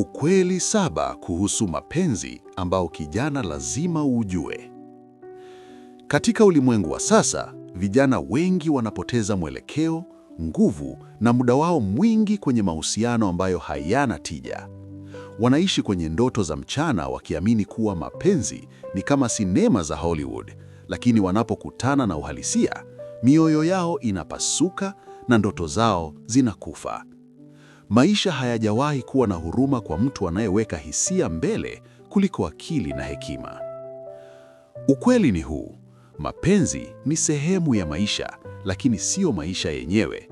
Ukweli saba kuhusu mapenzi ambao kijana lazima ujue. Katika ulimwengu wa sasa, vijana wengi wanapoteza mwelekeo, nguvu na muda wao mwingi kwenye mahusiano ambayo hayana tija. Wanaishi kwenye ndoto za mchana wakiamini kuwa mapenzi ni kama sinema za Hollywood, lakini wanapokutana na uhalisia, mioyo yao inapasuka na ndoto zao zinakufa. Maisha hayajawahi kuwa na huruma kwa mtu anayeweka hisia mbele kuliko akili na hekima. Ukweli ni huu: mapenzi ni sehemu ya maisha, lakini sio maisha yenyewe.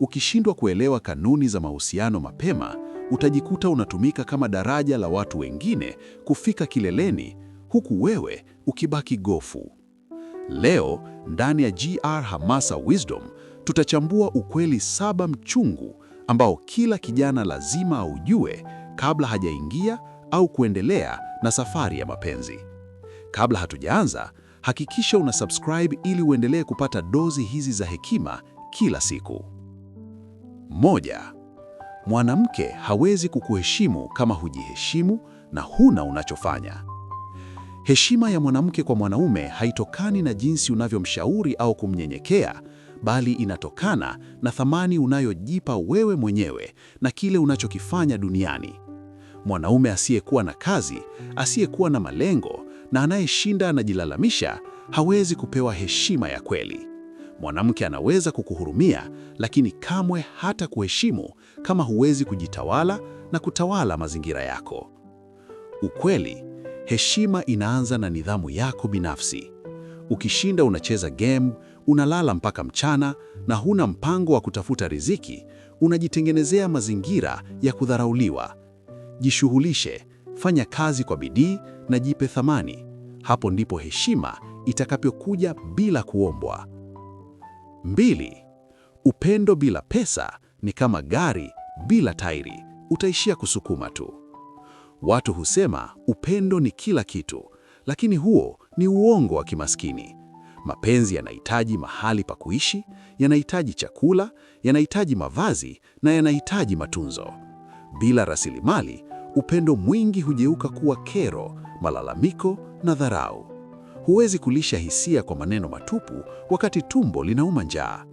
Ukishindwa kuelewa kanuni za mahusiano mapema, utajikuta unatumika kama daraja la watu wengine kufika kileleni, huku wewe ukibaki gofu. Leo ndani ya GR Hamasa Wisdom tutachambua ukweli saba mchungu ambao kila kijana lazima aujue kabla hajaingia au kuendelea na safari ya mapenzi. Kabla hatujaanza, hakikisha una subscribe ili uendelee kupata dozi hizi za hekima kila siku. Moja, mwanamke hawezi kukuheshimu kama hujiheshimu na huna unachofanya. Heshima ya mwanamke kwa mwanaume haitokani na jinsi unavyomshauri au kumnyenyekea, bali inatokana na thamani unayojipa wewe mwenyewe na kile unachokifanya duniani. Mwanaume asiyekuwa na kazi, asiyekuwa na malengo na anayeshinda anajilalamisha, hawezi kupewa heshima ya kweli. Mwanamke anaweza kukuhurumia, lakini kamwe hata kuheshimu kama huwezi kujitawala na kutawala mazingira yako. Ukweli, heshima inaanza na nidhamu yako binafsi. Ukishinda unacheza game, unalala mpaka mchana na huna mpango wa kutafuta riziki, unajitengenezea mazingira ya kudharauliwa. Jishughulishe, fanya kazi kwa bidii na jipe thamani. Hapo ndipo heshima itakapokuja bila kuombwa. Mbili, upendo bila pesa ni kama gari bila tairi, utaishia kusukuma tu. Watu husema upendo ni kila kitu, lakini huo ni uongo wa kimaskini. Mapenzi yanahitaji mahali pa kuishi, yanahitaji chakula, yanahitaji mavazi na yanahitaji matunzo. Bila rasilimali, upendo mwingi hugeuka kuwa kero, malalamiko na dharau. Huwezi kulisha hisia kwa maneno matupu wakati tumbo linauma njaa.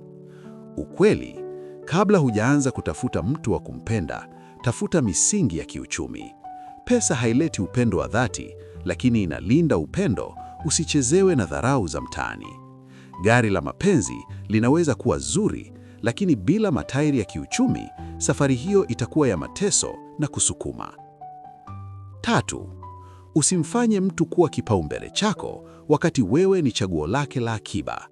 Ukweli, kabla hujaanza kutafuta mtu wa kumpenda, tafuta misingi ya kiuchumi. Pesa haileti upendo wa dhati, lakini inalinda upendo usichezewe na dharau za mtaani. Gari la mapenzi linaweza kuwa zuri, lakini bila matairi ya kiuchumi, safari hiyo itakuwa ya mateso na kusukuma. Tatu, usimfanye mtu kuwa kipaumbele chako wakati wewe ni chaguo lake la akiba.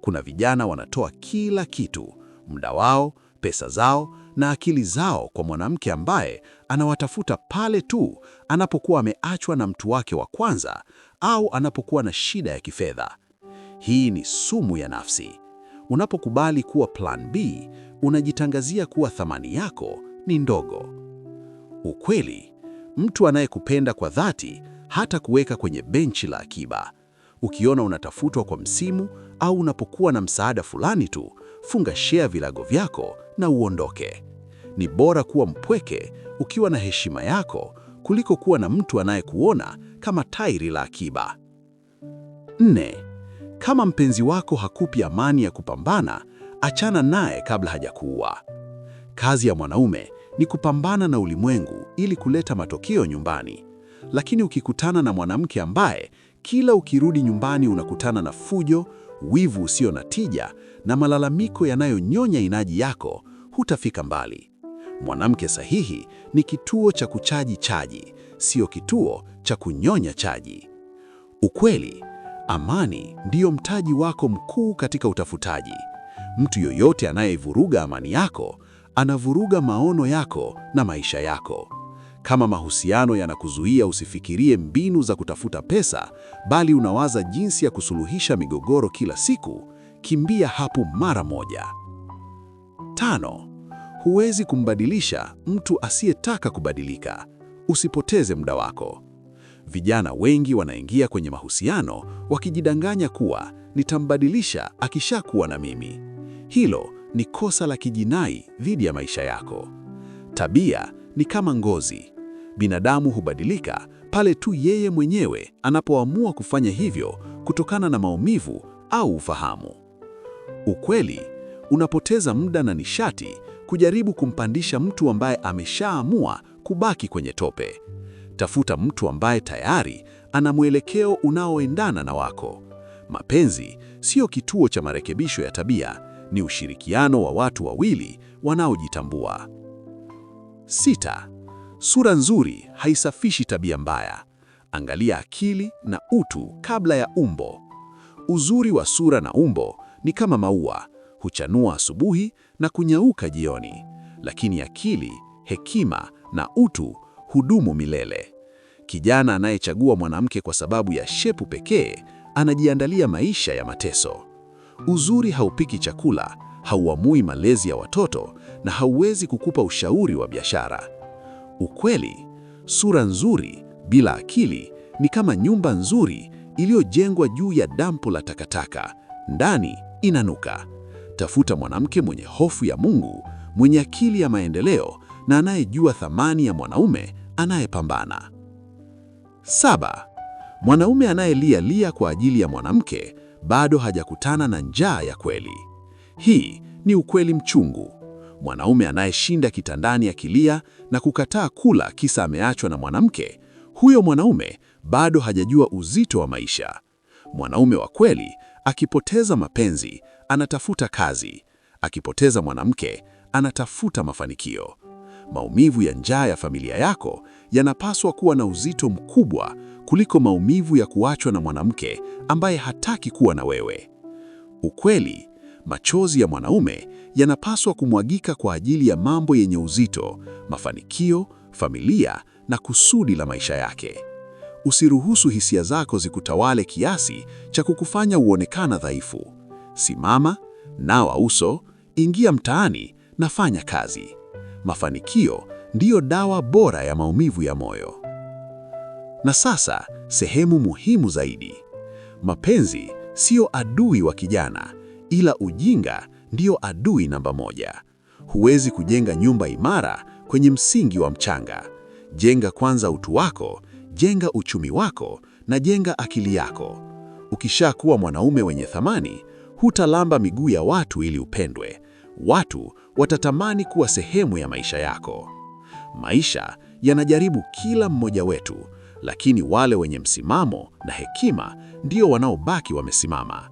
Kuna vijana wanatoa kila kitu, muda wao, pesa zao na akili zao kwa mwanamke ambaye anawatafuta pale tu anapokuwa ameachwa na mtu wake wa kwanza au anapokuwa na shida ya kifedha. Hii ni sumu ya nafsi. Unapokubali kuwa plan B, unajitangazia kuwa thamani yako ni ndogo. Ukweli, mtu anayekupenda kwa dhati hata kuweka kwenye benchi la akiba. Ukiona unatafutwa kwa msimu au unapokuwa na msaada fulani tu, funga shea vilago vyako na uondoke. Ni bora kuwa mpweke ukiwa na heshima yako kuliko kuwa na mtu anayekuona kama tairi la akiba. Nne, kama mpenzi wako hakupi amani ya kupambana, achana naye kabla hajakuua. Kazi ya mwanaume ni kupambana na ulimwengu ili kuleta matokeo nyumbani. Lakini ukikutana na mwanamke ambaye kila ukirudi nyumbani unakutana na fujo, wivu usio na tija na malalamiko yanayonyonya inaji yako, hutafika mbali. Mwanamke sahihi ni kituo cha kuchaji chaji, sio kituo cha kunyonya chaji. Ukweli, amani ndiyo mtaji wako mkuu katika utafutaji. Mtu yoyote anayevuruga amani yako anavuruga maono yako na maisha yako. Kama mahusiano yanakuzuia usifikirie mbinu za kutafuta pesa, bali unawaza jinsi ya kusuluhisha migogoro kila siku, kimbia hapo mara moja. Tano, huwezi kumbadilisha mtu asiyetaka kubadilika. Usipoteze muda wako. Vijana wengi wanaingia kwenye mahusiano wakijidanganya kuwa nitambadilisha akishakuwa na mimi. Hilo ni kosa la kijinai dhidi ya maisha yako. Tabia ni kama ngozi. Binadamu hubadilika pale tu yeye mwenyewe anapoamua kufanya hivyo kutokana na maumivu au ufahamu. Ukweli, unapoteza muda na nishati kujaribu kumpandisha mtu ambaye ameshaamua kubaki kwenye tope. Tafuta mtu ambaye tayari ana mwelekeo unaoendana na wako. Mapenzi sio kituo cha marekebisho ya tabia, ni ushirikiano wa watu wawili wanaojitambua. Sita, sura nzuri haisafishi tabia mbaya. Angalia akili na utu kabla ya umbo. Uzuri wa sura na umbo ni kama maua, huchanua asubuhi na kunyauka jioni, lakini akili, hekima na utu hudumu milele. Kijana anayechagua mwanamke kwa sababu ya shepu pekee anajiandalia maisha ya mateso. Uzuri haupiki chakula, hauamui malezi ya watoto na hauwezi kukupa ushauri wa biashara. Ukweli, sura nzuri bila akili ni kama nyumba nzuri iliyojengwa juu ya dampo la takataka, ndani inanuka. Tafuta mwanamke mwenye hofu ya Mungu, mwenye akili ya maendeleo na anayejua thamani ya mwanaume anayepambana. Saba, mwanaume anayelialia kwa ajili ya mwanamke bado hajakutana na njaa ya kweli. Hii ni ukweli mchungu. Mwanaume anayeshinda kitandani akilia na kukataa kula kisa ameachwa na mwanamke, huyo mwanaume bado hajajua uzito wa maisha. Mwanaume wa kweli akipoteza mapenzi, anatafuta kazi. Akipoteza mwanamke, anatafuta mafanikio maumivu ya njaa ya familia yako yanapaswa kuwa na uzito mkubwa kuliko maumivu ya kuachwa na mwanamke ambaye hataki kuwa na wewe. Ukweli, machozi ya mwanaume yanapaswa kumwagika kwa ajili ya mambo yenye uzito, mafanikio, familia na kusudi la maisha yake. Usiruhusu hisia zako zikutawale kiasi cha kukufanya uonekana dhaifu. Simama, nawa uso, ingia mtaani na fanya kazi mafanikio ndiyo dawa bora ya maumivu ya moyo. Na sasa sehemu muhimu zaidi. Mapenzi siyo adui wa kijana, ila ujinga ndiyo adui namba moja. Huwezi kujenga nyumba imara kwenye msingi wa mchanga. Jenga kwanza utu wako, jenga uchumi wako na jenga akili yako. Ukishakuwa mwanaume wenye thamani, hutalamba miguu ya watu ili upendwe watu watatamani kuwa sehemu ya maisha yako. Maisha yanajaribu kila mmoja wetu, lakini wale wenye msimamo na hekima ndio wanaobaki wamesimama.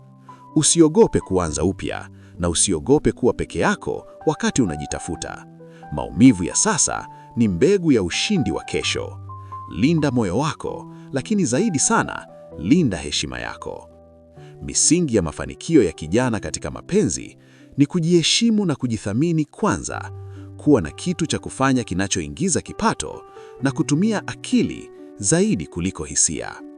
Usiogope kuanza upya na usiogope kuwa peke yako wakati unajitafuta. Maumivu ya sasa ni mbegu ya ushindi wa kesho. Linda moyo wako, lakini zaidi sana, linda heshima yako. Misingi ya mafanikio ya kijana katika mapenzi ni kujiheshimu na kujithamini kwanza, kuwa na kitu cha kufanya kinachoingiza kipato na kutumia akili zaidi kuliko hisia.